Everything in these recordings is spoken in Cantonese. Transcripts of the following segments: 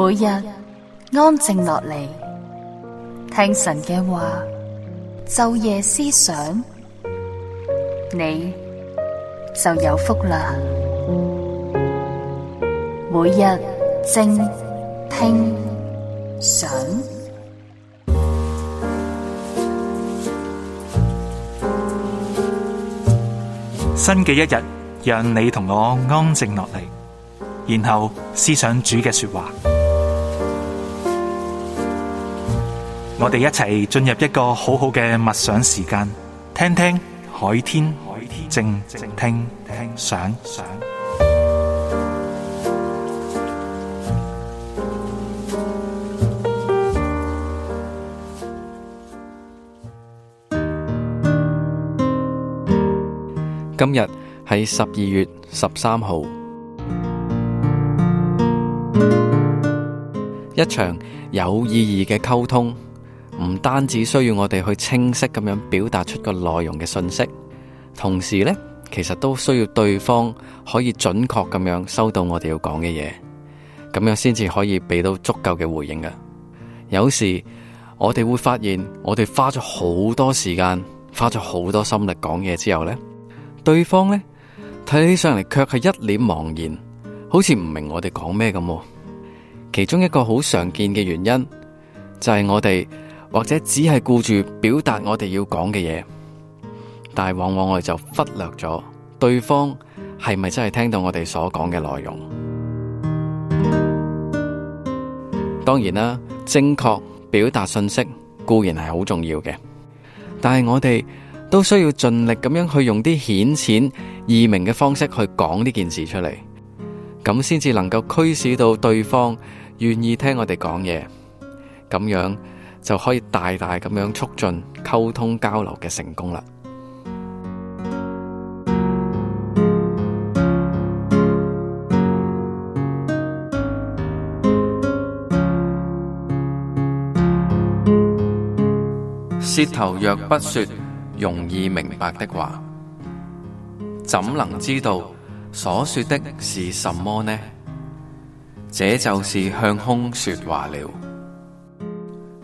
每日安靜落嚟，聽神嘅話，晝夜思想，你就有福啦。每日靜聽想，新嘅一日，讓你同我安靜落嚟，然後思想主嘅說話。我哋一齊進入一個好好嘅默想時間，聽聽海天，靜靜聽，想想。今日喺十二月十三號，一場有意義嘅溝通。唔單止需要我哋去清晰咁樣表達出個內容嘅信息，同時呢，其實都需要對方可以準確咁樣收到我哋要講嘅嘢，咁樣先至可以俾到足夠嘅回應㗎。有時我哋會發現，我哋花咗好多時間，花咗好多心力講嘢之後呢，對方呢睇起上嚟卻係一臉茫然，好似唔明我哋講咩咁。其中一個好常見嘅原因就係我哋，或者只係顧住表達我哋要講嘅嘢，但係往往我哋就忽略咗對方係咪真係聽到我哋所講嘅內容。當然啦，正確表達信息固然係好重要嘅，但係我哋都需要盡力咁樣去用啲顯淺易明嘅方式去講呢件事出嚟，咁先至能夠驅使到對方願意聽我哋講嘢，咁樣。就可以大大咁樣促進溝通交流嘅成功啦。舌頭若不說容易明白的話，怎能知道所說的是什麼呢？這就是向空說話了。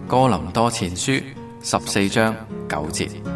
哥林多前書十四章九節。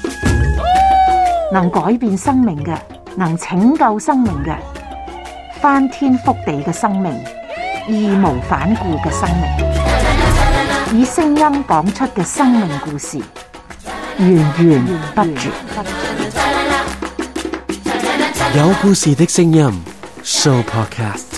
能改變生命嘅，能拯救生命嘅，翻天覆地嘅生命，義無反顧嘅生命，以聲音講出嘅生命故事，源源不絕。有故事的聲音，Sooo Podcast。